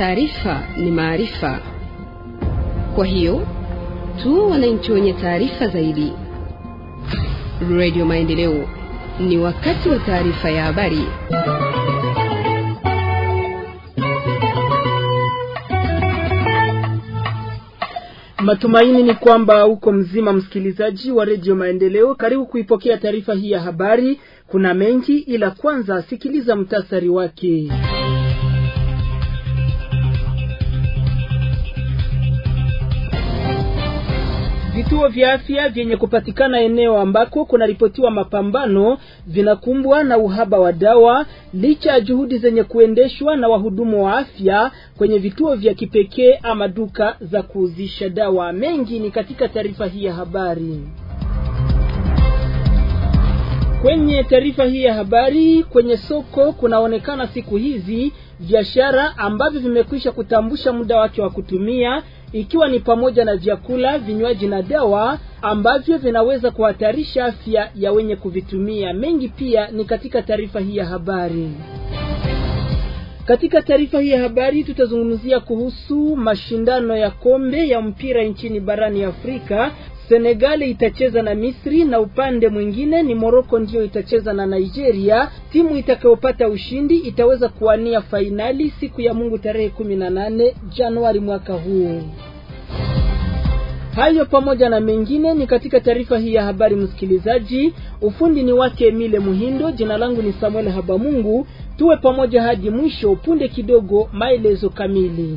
taarifa ni maarifa. Kwa hiyo tu wananchi wenye taarifa zaidi. Radio Maendeleo, ni wakati wa taarifa ya habari. Matumaini ni kwamba uko mzima, msikilizaji wa Redio Maendeleo. Karibu kuipokea taarifa hii ya habari. Kuna mengi, ila kwanza sikiliza mtasari wake. Vituo vya afya vyenye kupatikana eneo ambako kunaripotiwa mapambano vinakumbwa na uhaba wa dawa licha ya juhudi zenye kuendeshwa na wahudumu wa afya kwenye vituo vya kipekee ama duka za kuuzisha dawa. Mengi ni katika taarifa hii ya habari. Kwenye taarifa hii ya habari, kwenye soko kunaonekana siku hizi biashara ambavyo vimekwisha kutambusha muda wake wa kutumia ikiwa ni pamoja na vyakula, vinywaji na dawa ambavyo vinaweza kuhatarisha afya ya wenye kuvitumia. Mengi pia ni katika taarifa hii ya habari. Katika taarifa hii ya habari tutazungumzia kuhusu mashindano ya kombe ya mpira nchini barani Afrika Senegal itacheza na Misri na upande mwingine ni Morocco ndiyo itacheza na Nigeria. Timu itakayopata ushindi itaweza kuwania fainali siku ya Mungu tarehe 18 Januari mwaka huu. Hayo pamoja na mengine ni katika taarifa hii ya habari, msikilizaji. Ufundi ni wake Emile Muhindo, jina langu ni Samuel Habamungu. Tuwe pamoja hadi mwisho. Punde kidogo, maelezo kamili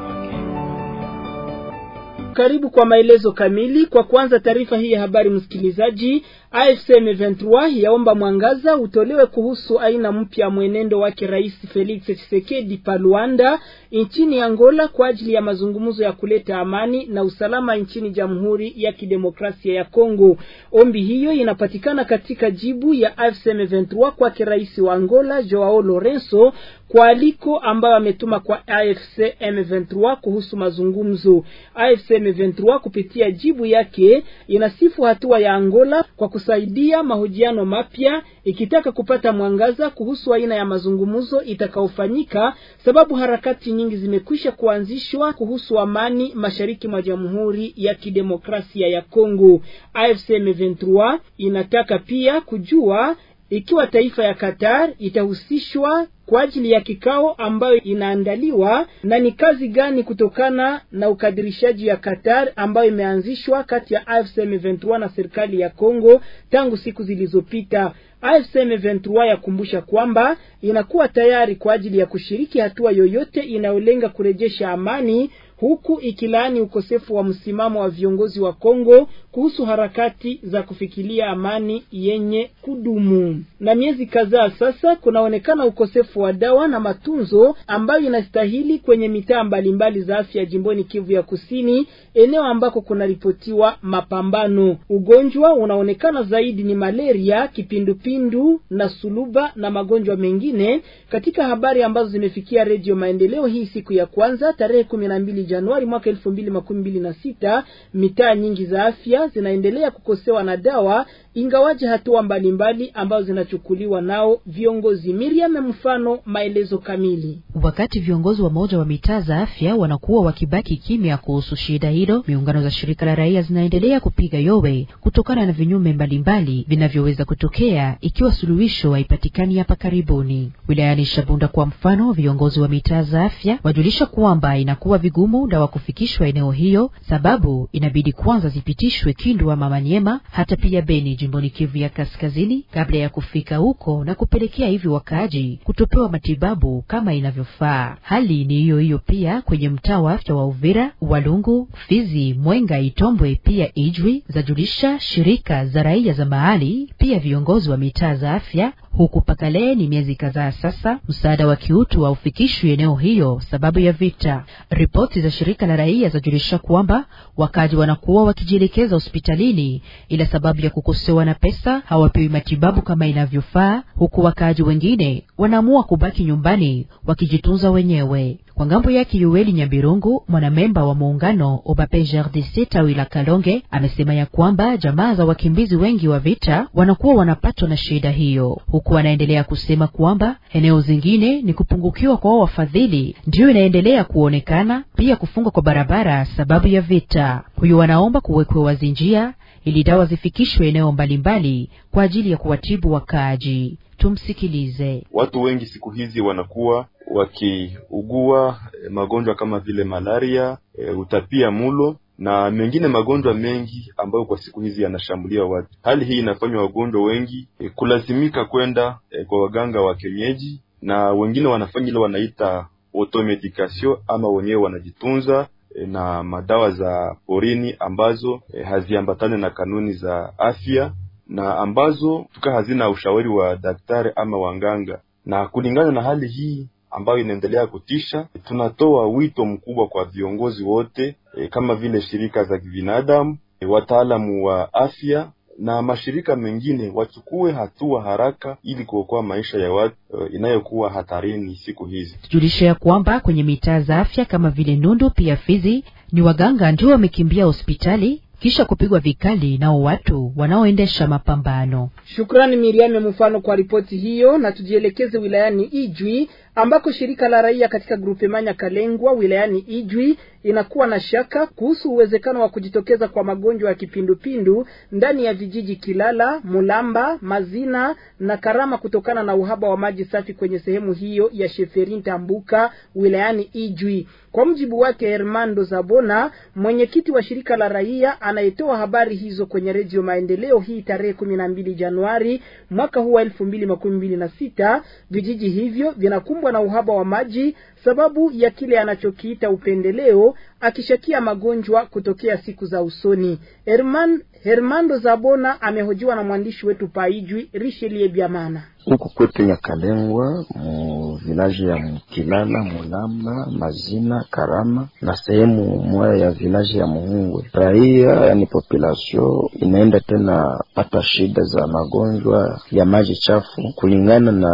Karibu kwa maelezo kamili. Kwa kwanza, taarifa hii ya habari msikilizaji, AFC M23 yaomba mwangaza utolewe kuhusu aina mpya ya mwenendo wake Rais Felix Tshisekedi pa Luanda nchini Angola kwa ajili ya mazungumzo ya kuleta amani na usalama nchini Jamhuri ya Kidemokrasia ya Kongo. Ombi hiyo inapatikana katika jibu ya AFC M23 kwake Rais wa Angola Joao Lorenzo kwa aliko ambayo ametuma kwa AFC M23 kuhusu mazungumzo. AFC M23 kupitia jibu yake inasifu hatua ya Angola kwa kusaidia mahojiano mapya, ikitaka kupata mwangaza kuhusu aina ya mazungumzo itakaofanyika sababu harakati nyingi zimekwisha kuanzishwa kuhusu amani mashariki mwa Jamhuri ya Kidemokrasia ya Kongo. AFC M23 inataka pia kujua ikiwa taifa ya Qatar itahusishwa kwa ajili ya kikao ambayo inaandaliwa na ni kazi gani kutokana na ukadirishaji ya Qatar ambayo imeanzishwa kati ya AFC M23 na serikali ya Kongo tangu siku zilizopita. AFC M23 yakumbusha kwamba inakuwa tayari kwa ajili ya kushiriki hatua yoyote inayolenga kurejesha amani huku ikilaani ukosefu wa msimamo wa viongozi wa Kongo kuhusu harakati za kufikilia amani yenye kudumu. Na miezi kadhaa sasa, kunaonekana ukosefu wa dawa na matunzo ambayo inastahili kwenye mitaa mbalimbali za afya jimboni Kivu ya Kusini, eneo ambako kunaripotiwa mapambano. Ugonjwa unaonekana zaidi ni malaria, kipindupindu na suluba na magonjwa mengine. Katika habari ambazo zimefikia Redio Maendeleo hii siku ya kwanza tarehe 12 Januari mwaka 2026, mitaa nyingi za afya zinaendelea kukosewa na dawa ingawaje hatua mbalimbali ambazo zinachukuliwa nao viongozi Miriam mfano maelezo kamili. Wakati viongozi wa moja wa mitaa za afya wanakuwa wakibaki kimya kuhusu shida hilo, miungano za shirika la raia zinaendelea kupiga yowe kutokana na vinyume mbalimbali vinavyoweza kutokea ikiwa suluhisho haipatikani hapa karibuni. Wilayani Shabunda kwa mfano, viongozi wa mitaa za afya wajulisha kwamba inakuwa vigumu dawa kufikishwa eneo hiyo, sababu inabidi kwanza zipitishwe Kindwa, Mamanyema hata pia Beni jimboni Kivu ya Kaskazini kabla ya kufika huko na kupelekea hivi wakaaji kutopewa matibabu kama inavyofaa. Hali ni hiyo hiyo pia kwenye mtaa wa afya wa Uvira, Walungu, Fizi, Mwenga, Itombwe pia Ijwi, zajulisha shirika za raia za mahali pia viongozi wa mitaa za afya huku Pakale ni miezi kadhaa sasa msaada wa kiutu haufikishwi eneo hiyo sababu ya vita. Ripoti za shirika la raia zajulisha kwamba wakazi wanakuwa wakijielekeza hospitalini ila sababu ya kukosa wote wana pesa hawapewi matibabu kama inavyofaa, huku wakaaji wengine wanaamua kubaki nyumbani wakijitunza wenyewe. Kwa ngambo yake Yueli Nyambirungu, mwanamemba wa muungano Obape RDC tawi la Kalonge, amesema ya kwamba jamaa za wakimbizi wengi wa vita wanakuwa wanapatwa na shida hiyo, huku anaendelea kusema kwamba eneo zingine ni kupungukiwa kwa wafadhili ndiyo inaendelea kuonekana, pia kufungwa kwa barabara sababu ya vita. Huyo wanaomba kuwekwe wazi njia ili dawa zifikishwe eneo mbalimbali kwa ajili ya kuwatibu wakaaji. Tumsikilize. Watu wengi siku hizi wanakuwa wakiugua eh, magonjwa kama vile malaria, e, utapia mulo na mengine magonjwa mengi ambayo kwa siku hizi yanashambulia watu. Hali hii inafanywa wagonjwa wengi e, kulazimika kwenda e, kwa waganga wa kienyeji, na wengine wanafanya ile wanaita automedication ama wenyewe wanajitunza Eh, na madawa za porini ambazo eh, haziambatane na kanuni za afya na ambazo tuka hazina ushauri wa daktari ama wanganga. Na kulingana na hali hii ambayo inaendelea kutisha, tunatoa wito mkubwa kwa viongozi wote eh, kama vile shirika za kibinadamu, eh, wataalamu wa afya na mashirika mengine wachukue hatua haraka ili kuokoa maisha ya watu uh, inayokuwa hatarini siku hizi. Tujulishe ya kwamba kwenye mitaa za afya kama vile Nundu pia Fizi ni waganga ndio wamekimbia hospitali kisha kupigwa vikali nao watu wanaoendesha mapambano. Shukrani Miriam mfano kwa ripoti hiyo, na tujielekeze wilayani Ijwi ambako shirika la raia katika manya kalengwa wilayani Ijwi inakuwa na shaka kuhusu uwezekano wa kujitokeza kwa magonjwa ya kipindupindu ndani ya vijiji Kilala, Mulamba, Mazina na Karama kutokana na uhaba wa maji safi kwenye sehemu hiyo ya Sheferin Tambuka wilayani Ijwi. Kwa mjibu wake Hermando Zabona, mwenyekiti wa shirika la raia anayetoa habari hizo kwenye Redio Maendeleo hii tarehe 12 Januari mwaka huu wa 2026, vijiji hivyo vinakumbwa anakumbwa na uhaba wa maji sababu ya kile anachokiita upendeleo, akishakia magonjwa kutokea siku za usoni. Herman Hermando Zabona amehojiwa na mwandishi wetu Paijwi Richelie Biamana huku kwetu Nyakalengwa mu vilaji ya Mkilala, Mulamba, Mazina, Karama na sehemu moya ya vilaji ya Muhungwe, raia yani population inaenda tena pata shida za magonjwa ya maji chafu kulingana na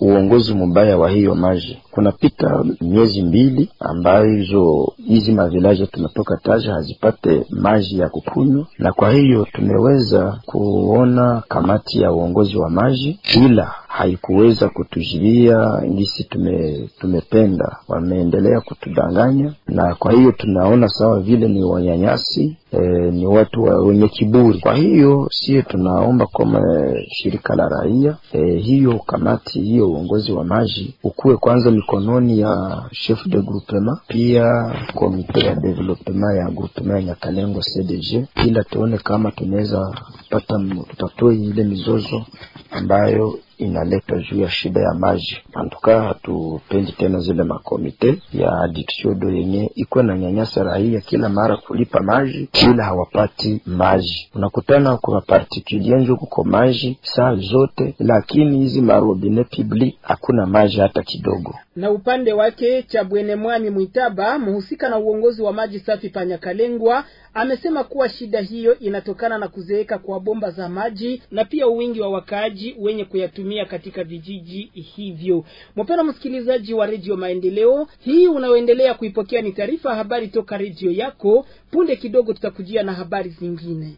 uongozi mubaya wa hiyo maji. Kunapita miezi mbili ambayo hizo hizi mavilaji tunatoka taja hazipate maji ya kukunywa, na kwa hiyo tumeweza kuona kamati ya uongozi wa maji الله haikuweza kutujilia ngisi tume, tumependa. Wameendelea kutudanganya, na kwa hiyo tunaona sawa vile ni wanyanyasi e, ni watu wa, wenye kiburi. Kwa hiyo sie tunaomba kama shirika la raia e, hiyo kamati hiyo uongozi wa maji ukuwe kwanza mikononi ya chef de groupement, pia komite ya development ya groupement ya Nyakalengo CDG, ila tuone kama tunaweza pata tutatue ile mizozo ambayo inaleta juu ya shida ya maji. antuka hatupendi tena zile makomite ya do yenye iko na nyanyasa raia kila mara kulipa maji, kila hawapati maji. Unakutana kuna particulier njo kuko maji saa zote, lakini hizi marobine public hakuna maji hata kidogo. Na upande wake mwami Mwitaba, mhusika na uongozi wa maji safi Panyakalengwa, amesema kuwa shida hiyo inatokana na kuzeeka kwa bomba za maji na pia uwingi wa wakaaji wenye kuyatumia kutumia katika vijiji hivyo. Mpendwa msikilizaji wa Redio Maendeleo, hii unaoendelea kuipokea ni taarifa ya habari toka redio yako. Punde kidogo tutakujia na habari zingine.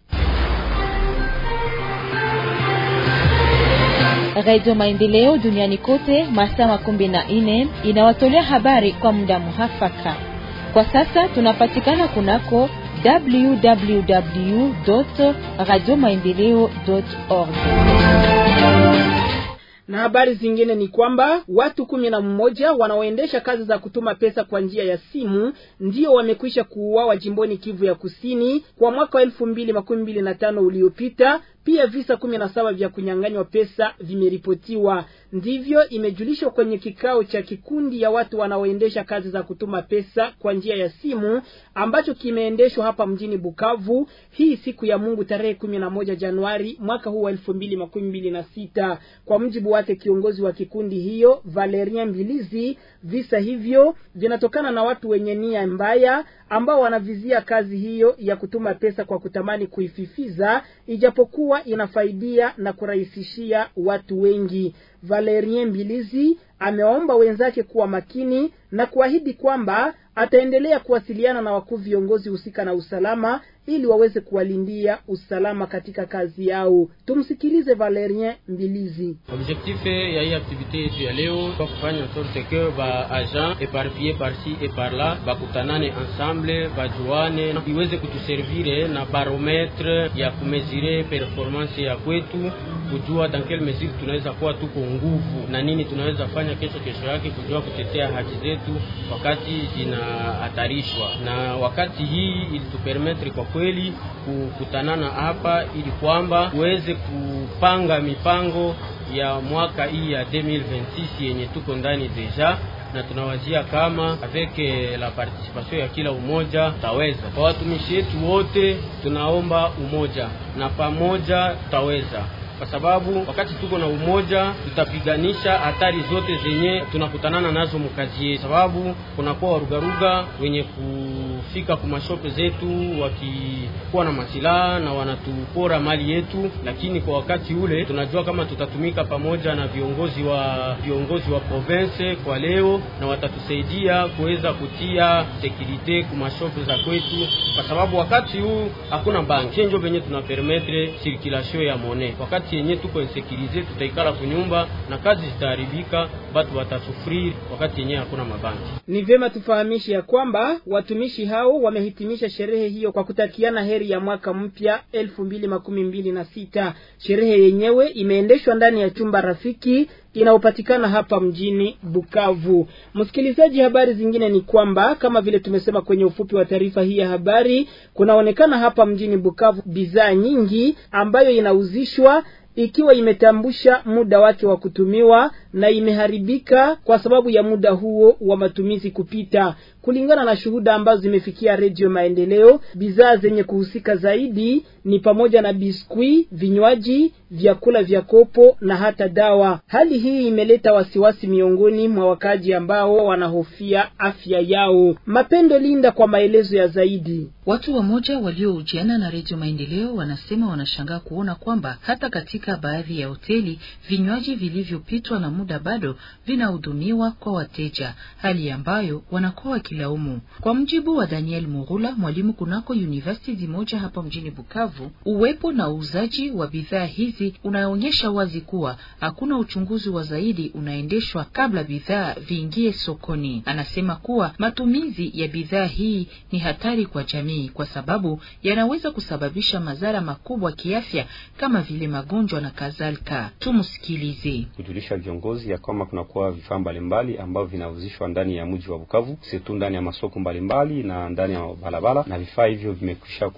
Radio Maendeleo duniani kote masaa makumi na nne inawatolea habari kwa muda muhafaka. Kwa sasa tunapatikana kunako www radio maendeleo org na habari zingine ni kwamba watu kumi na mmoja wanaoendesha kazi za kutuma pesa kwa njia ya simu ndio wamekwisha kuuawa jimboni Kivu ya Kusini kwa mwaka wa elfu mbili makumi mbili na tano uliopita pia visa 17 vya kunyang'anywa pesa vimeripotiwa, ndivyo imejulishwa kwenye kikao cha kikundi ya watu wanaoendesha kazi za kutuma pesa kwa njia ya simu ambacho kimeendeshwa hapa mjini Bukavu hii siku ya Mungu tarehe 11 Januari mwaka huu wa 2026. Kwa mjibu wake kiongozi wa kikundi hiyo Valerien Mbilizi, visa hivyo vinatokana na watu wenye nia mbaya ambao wanavizia kazi hiyo ya kutuma pesa kwa kutamani kuififiza, ijapokuwa inafaidia na kurahisishia watu wengi. Valerien mbilizi amewaomba wenzake kuwa makini na kuahidi kwamba ataendelea kuwasiliana na wakuu viongozi husika na usalama ili waweze kuwalindia usalama katika kazi yao. Tumsikilize Valerien Mbilizi. Objectif ya hii activite yetu ya leo kwa kufanya sorte que ba agent par parci et par parla bakutanane ensemble bajuane, iweze kutuservire na barometre ya kumezire performance ya kwetu kujua dans quelle mesure tunaweza kuwa tuko nguvu na nini tunaweza fanya kesho kesho yake, kujua kutetea haki zetu wakati zinahatarishwa. Na wakati hii ilitupermetre kwa kweli kukutanana hapa ili kwamba tuweze kupanga mipango ya mwaka hii ya 2026 yenye tuko ndani deja na tunawazia kama avec eh, la participation ya kila umoja taweza. Kwa watumishi wetu wote, tunaomba umoja na pamoja tutaweza kwa sababu wakati tuko na umoja tutapiganisha hatari zote zenye tunakutanana nazo mkazi yetu, sababu kunakuwa warugaruga wenye kufika kumashope zetu wakikuwa na masilaha na wanatupora mali yetu, lakini kwa wakati ule tunajua kama tutatumika pamoja na viongozi wa viongozi wa province kwa leo, na watatusaidia kuweza kutia security kumashope za kwetu, kwa sababu wakati huu hakuna banki njo venye tuna permettre circulation ya monnaie wakati wakati yenye tuko insekirize tutaikala kunyumba na kazi zitaharibika, batu watasufriri wakati yenye hakuna mabanki. Ni vema tufahamishe ya kwamba watumishi hao wamehitimisha sherehe hiyo kwa kutakiana heri ya mwaka mpya elfu mbili makumi mbili na sita. Sherehe yenyewe imeendeshwa ndani ya chumba rafiki inayopatikana hapa mjini Bukavu. Msikilizaji, habari zingine ni kwamba kama vile tumesema kwenye ufupi wa taarifa hii ya habari, kunaonekana hapa mjini Bukavu bidhaa nyingi ambayo inauzishwa ikiwa imetambusha muda wake wa kutumiwa na imeharibika kwa sababu ya muda huo wa matumizi kupita. Kulingana na shuhuda ambazo zimefikia Redio Maendeleo, bidhaa zenye kuhusika zaidi ni pamoja na biskwi, vinywaji, vyakula vya kopo na hata dawa. Hali hii imeleta wasiwasi miongoni mwa wakaji ambao wanahofia afya yao. Mapendo Linda kwa maelezo ya zaidi. Watu wamoja waliohojiana na Redio Maendeleo wanasema wanashangaa kuona kwamba hata katika baadhi ya hoteli vinywaji vilivyopitwa na muda bado vinahudumiwa kwa wateja, hali ambayo wanakuwa kuilaumu. Kwa mjibu wa Daniel Murula, mwalimu kunako university moja hapa mjini Bukavu, uwepo na uuzaji wa bidhaa hizi unaonyesha wazi kuwa hakuna uchunguzi wa zaidi unaendeshwa kabla bidhaa viingie sokoni. Anasema kuwa matumizi ya bidhaa hii ni hatari kwa jamii, kwa sababu yanaweza kusababisha madhara makubwa kiafya kama vile magonjwa na kadhalika. Tumsikilize. kujulisha viongozi ya kwamba kunakuwa vifaa mbalimbali ambavyo vinauzishwa ndani ya mji wa Bukavu setu ndani ya masoko mbalimbali mbali, na ndani ya barabara na vifaa hivyo vimekwisha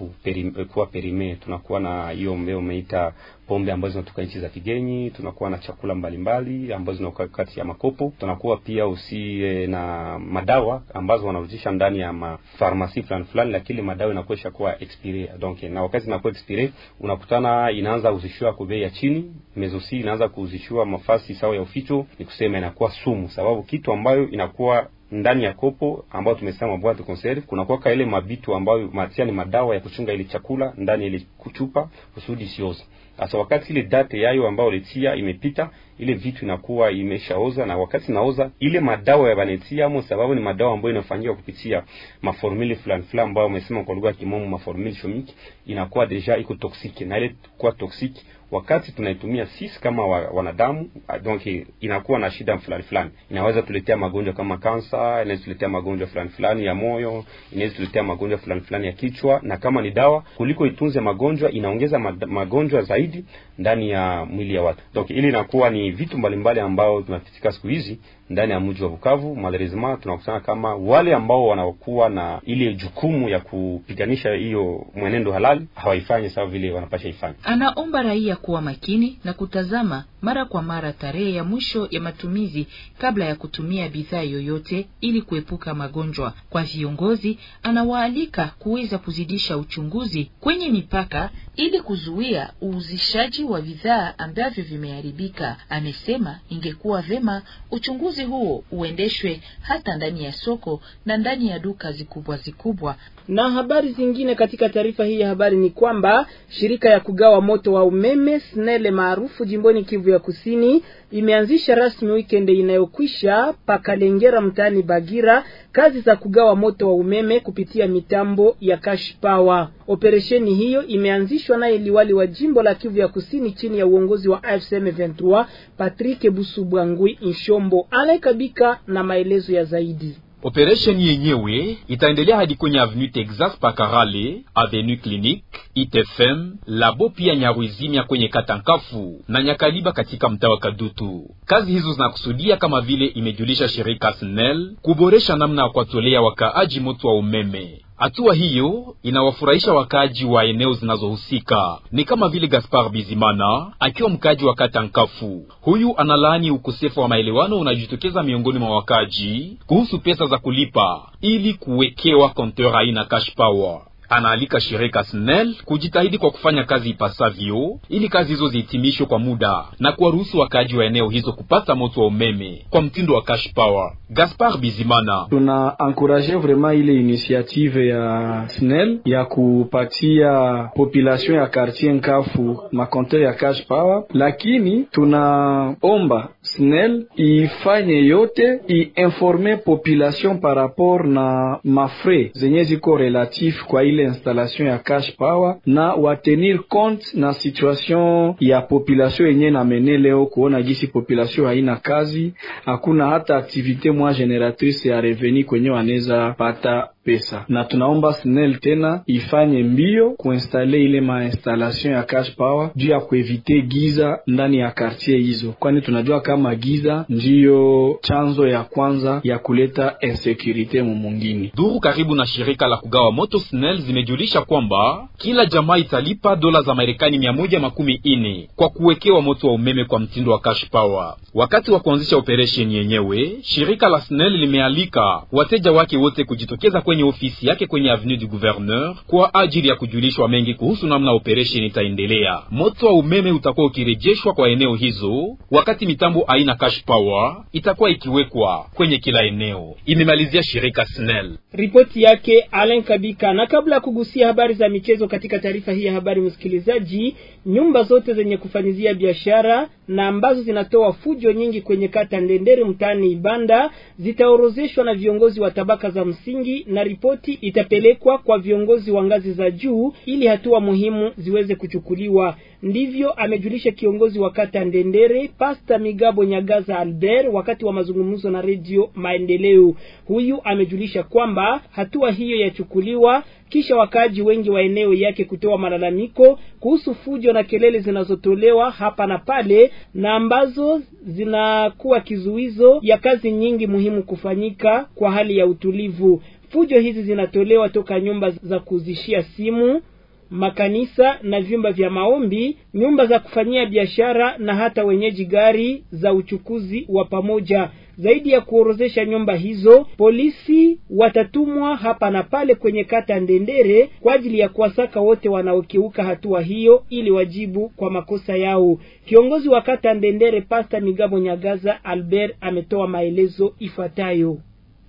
kuwa perime. Tunakuwa na hiyo mbeo umeita pombe ambazo zinatoka nchi za kigeni, tunakuwa na chakula mbalimbali ambazo zinakuwa kati ya makopo, tunakuwa pia usie na madawa ambazo wanarudisha ndani ya mafarmasi fulani fulani, lakini madawa inakuwa ishakuwa expire donc, na wakati inakuwa expire unakutana inaanza kuzishua kwa bei ya chini, mezosi inaanza kuzishua mafasi sawa ya uficho, ni kusema inakuwa sumu, sababu kitu ambayo inakuwa ndani ya kopo ambayo tumesema boite de conserve, kuna kwa ile mabitu ambayo matia ni madawa ya kuchunga ile chakula ndani ile chupa kusudi sioze. Asa wakati ile date yayo ambayo ulitia imepita, ile vitu inakuwa imeshaoza, na wakati naoza ile madawa ya banetia mo, sababu ni madawa ambayo inafanyika kupitia maformuli fulani fulani ambayo umesema kwa lugha ya kimomo maformuli chimique, inakuwa deja iko toxique, na ile kwa toxique wakati tunaitumia sisi kama wa, wanadamu donc inakuwa na shida fulani fulani, inaweza tuletea magonjwa kama kansa, inaweza tuletea magonjwa fulani fulani ya moyo, inaweza tuletea magonjwa fulani fulani ya kichwa, na kama ni dawa kuliko itunze magonjwa inaongeza magonjwa zaidi zaidi ndani ya mwili ya watu. Donc ili inakuwa ni vitu mbalimbali ambao tunapitika siku hizi ndani ya mji wa Bukavu. Malheureusement tunakusana kama wale ambao wanaokuwa na ile jukumu ya kupiganisha hiyo mwenendo halali hawaifanyi sawa vile wanapasha ifanye. Anaomba raia kuwa makini na kutazama mara kwa mara tarehe ya mwisho ya matumizi kabla ya kutumia bidhaa yoyote ili kuepuka magonjwa. Kwa viongozi, anawaalika kuweza kuzidisha uchunguzi kwenye mipaka ili kuzuia uuzishaji wa bidhaa ambavyo vimeharibika. Amesema ingekuwa vema uchunguzi Ununuzi huo uendeshwe hata ndani ya soko na ndani ya duka zikubwa zikubwa. Na habari zingine katika taarifa hii ya habari ni kwamba shirika ya kugawa moto wa umeme SNEL maarufu jimboni Kivu ya Kusini imeanzisha rasmi weekend inayokwisha pakalengera mtaani Bagira kazi za kugawa moto wa umeme kupitia mitambo ya cash power. Operesheni hiyo imeanzishwa naye liwali wa jimbo la Kivu ya Kusini chini ya uongozi wa AFCM 23 Patrick Busubwangwi Nshombo anayekabika na maelezo ya zaidi. Operesheni yenyewe itaendelea hadi kwenye Avenue Texas Pakarale, Avenue Clinique, ITFM, Labo pia nyaruizimia kwenye Katankafu na Nyakaliba katika mtaa wa Kadutu. Kazi hizo zinakusudia kama vile imejulisha shirika SNEL kuboresha namna ya kuwatolea wakaaji moto wa umeme. Hatua hiyo inawafurahisha wakaaji wa eneo zinazohusika ni kama vile Gaspar Bizimana akiwa mkaaji wa kata Nkafu. Huyu analaani ukosefu wa maelewano unajitokeza miongoni mwa wakaaji kuhusu pesa za kulipa ili kuwekewa kontora aina cash power anaalika shirika SNEL kujitahidi kwa kufanya kazi ipasavyo ili kazi hizo zihitimishwe kwa muda na kuwaruhusu wakaaji wa eneo hizo kupata moto wa umeme kwa mtindo wa cash power. Gaspar Bizimana: tuna ankuraje vraiment ile initiative ya SNEL ya kupatia population ya quartier Nkafu makonte ya cash power, lakini tunaomba SNEL ifanye yote iinforme population par rapport na mafre zenye ziko relatif kwa ile ile installation à cash power na tenir compte na situation ya population yenye na mene leo, kuona gisi population haina kazi, hakuna hata activite mwa generatrice ya reveni kwenye wanaweza pata pesa, na tunaomba SNEL tena ifanye mbio kuinstale ile mainstallation ya cash power juu ya kuevite giza ndani ya kartier hizo, kwani tunajua kama giza ndiyo chanzo ya kwanza ya kuleta insecurite mumungini. Duru karibu na shirika la kugawa moto SNEL zimejulisha kwamba kila jamaa italipa dola za Marekani mia moja makumi ine kwa kuwekewa moto wa umeme kwa mtindo wa cash power. Wakati wa kuanzisha operation yenyewe, shirika la SNEL limealika wateja wake wote kujitokeza kwenye ofisi yake kwenye avenue du Gouverneur kwa ajili ya kujulishwa mengi kuhusu namna operation itaendelea. Moto wa umeme utakuwa ukirejeshwa kwa eneo hizo, wakati mitambo aina cash power itakuwa ikiwekwa kwenye kila eneo, imemalizia shirika SNEL. Ripoti yake Alain Kabika. Na kabla ya kugusia habari za michezo katika taarifa hii ya habari, msikilizaji, nyumba zote zenye kufanizia biashara na ambazo zinatoa fujo nyingi kwenye kata Ndendere mtaani Ibanda zitaorozeshwa na viongozi wa tabaka za msingi na na ripoti itapelekwa kwa viongozi wa ngazi za juu ili hatua muhimu ziweze kuchukuliwa. Ndivyo amejulisha kiongozi wa kata Ndendere, Pasta Migabo Nyagaza Albert, wakati wa mazungumzo na Redio Maendeleo. Huyu amejulisha kwamba hatua hiyo yachukuliwa kisha wakaaji wengi wa eneo yake kutoa malalamiko kuhusu fujo na kelele zinazotolewa hapa na pale na ambazo zinakuwa kizuizo ya kazi nyingi muhimu kufanyika kwa hali ya utulivu. Fujo hizi zinatolewa toka nyumba za kuzishia simu, makanisa na vyumba vya maombi, nyumba za kufanyia biashara na hata wenyeji gari za uchukuzi wa pamoja. Zaidi ya kuorozesha nyumba hizo, polisi watatumwa hapa na pale kwenye kata Ndendere kwa ajili ya kuwasaka wote wanaokiuka hatua hiyo ili wajibu kwa makosa yao. Kiongozi wa kata Ndendere, Pasta Migabo Nyagaza Albert, ametoa maelezo ifuatayo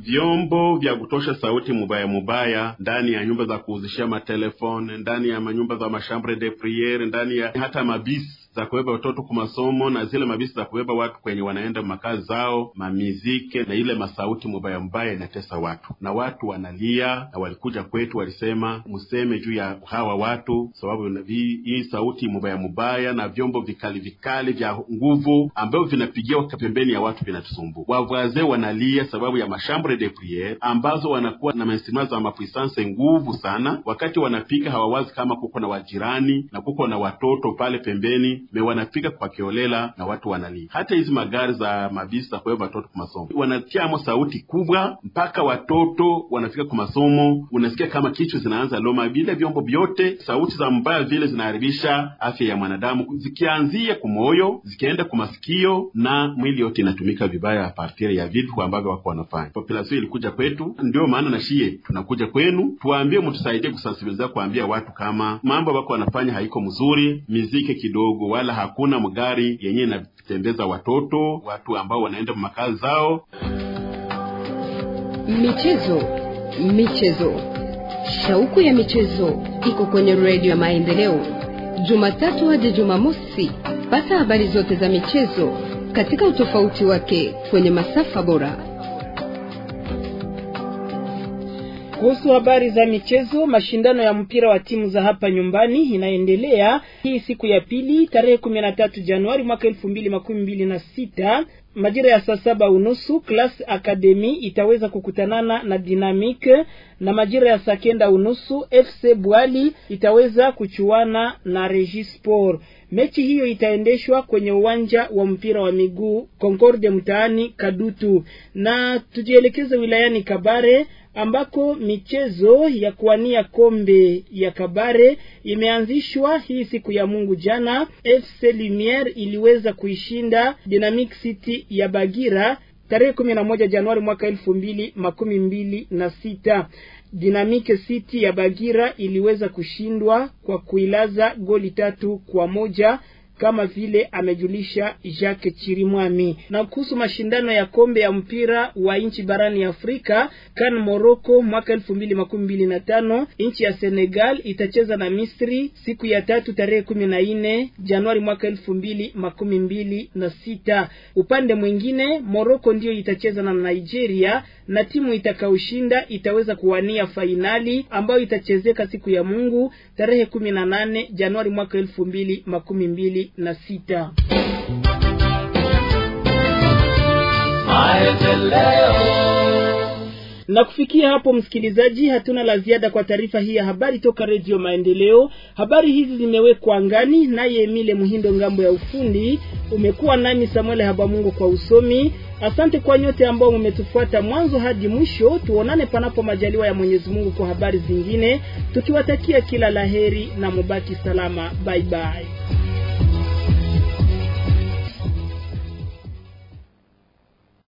vyombo vya kutosha sauti mubaya mubaya ndani ya nyumba za kuuzishia matelefone, ndani ya manyumba za mashambre de priere, ndani ya hata mabisi za kubeba watoto kwa masomo na zile mabisi za kubeba watu kwenye wanaenda makazi zao, mamizike na ile masauti mubaya mbaya inatesa watu, na watu wanalia, na walikuja kwetu walisema, mseme juu ya hawa watu sababu hii sauti mubaya mubaya na vyombo vikali vikali vya nguvu ambavyo vinapigia pembeni ya watu vinatusumbua. Wavazee wanalia sababu ya mashambre de priere ambazo wanakuwa na mainstruments za mapuisance nguvu sana. Wakati wanapiga hawawazi kama kuko na wajirani na kuko na watoto pale pembeni hivi me wanafika kwa kiolela na watu wanalia. Hata hizi magari za mabisi za kuweva watoto kwa masomo wanatiamo sauti kubwa mpaka watoto wanafika kwa masomo, unasikia kama kichwa zinaanza loma. Vile vyombo vyote sauti za mbaya vile zinaharibisha afya ya mwanadamu, zikianzia kumoyo zikienda kwa masikio na mwili yote inatumika vibaya, apartir ya vitu ambavyo wako wanafanya. Populasio ilikuja kwetu, ndiyo maana na shie tunakuja kwenu, tuwaambie mtusaidie kusansibiliza, kuambia watu kama mambo wako wanafanya haiko mzuri, mizike kidogo wala hakuna mgari yenye inatembeza watoto, watu ambao wanaenda makazi zao. Michezo, michezo, shauku ya michezo iko kwenye redio ya Maendeleo, Jumatatu hadi Jumamosi. Pata habari zote za michezo katika utofauti wake kwenye masafa bora. Kuhusu habari za michezo, mashindano ya mpira wa timu za hapa nyumbani inaendelea hii siku ya pili tarehe 13 Januari mwaka 2026 majira ya saa saba unusu Class Academy itaweza kukutanana na Dynamic, na majira ya saa kenda unusu FC Bwali itaweza kuchuana na Regis Sport. Mechi hiyo itaendeshwa kwenye uwanja wa mpira wa miguu Concorde mtaani Kadutu, na tujielekeze wilayani Kabare ambako michezo ya kuwania kombe ya Kabare imeanzishwa hii siku ya Mungu jana. FC Lumiere iliweza kuishinda Dynamic City ya Bagira tarehe 11 Januari mwaka elfu mbili makumi mbili na sita. Dynamic City ya Bagira iliweza kushindwa kwa kuilaza goli tatu kwa moja kama vile amejulisha Jacques Chirimwami. Na kuhusu mashindano ya kombe ya mpira wa nchi barani Afrika kan Morocco mwaka elfu mbili makumi mbili na tano, nchi ya Senegal itacheza na Misri siku ya tatu tarehe kumi na nne Januari mwaka elfu mbili makumi mbili na sita. Upande mwingine Morocco ndiyo itacheza na Nigeria na timu itakaoshinda itaweza kuwania fainali ambayo itachezeka siku ya Mungu tarehe kumi na nane Januari mwaka elfu mbili makumi mbili na sita. Na kufikia hapo, msikilizaji, hatuna la ziada kwa taarifa hii ya habari toka Redio Maendeleo. Habari hizi zimewekwa angani naye Emile Muhindo ngambo ya ufundi. Umekuwa nami Samuel Habamungu kwa usomi. Asante kwa nyote ambao mmetufuata mwanzo hadi mwisho. Tuonane panapo majaliwa ya Mwenyezi Mungu kwa habari zingine, tukiwatakia kila laheri na mubaki salama. Bye bye.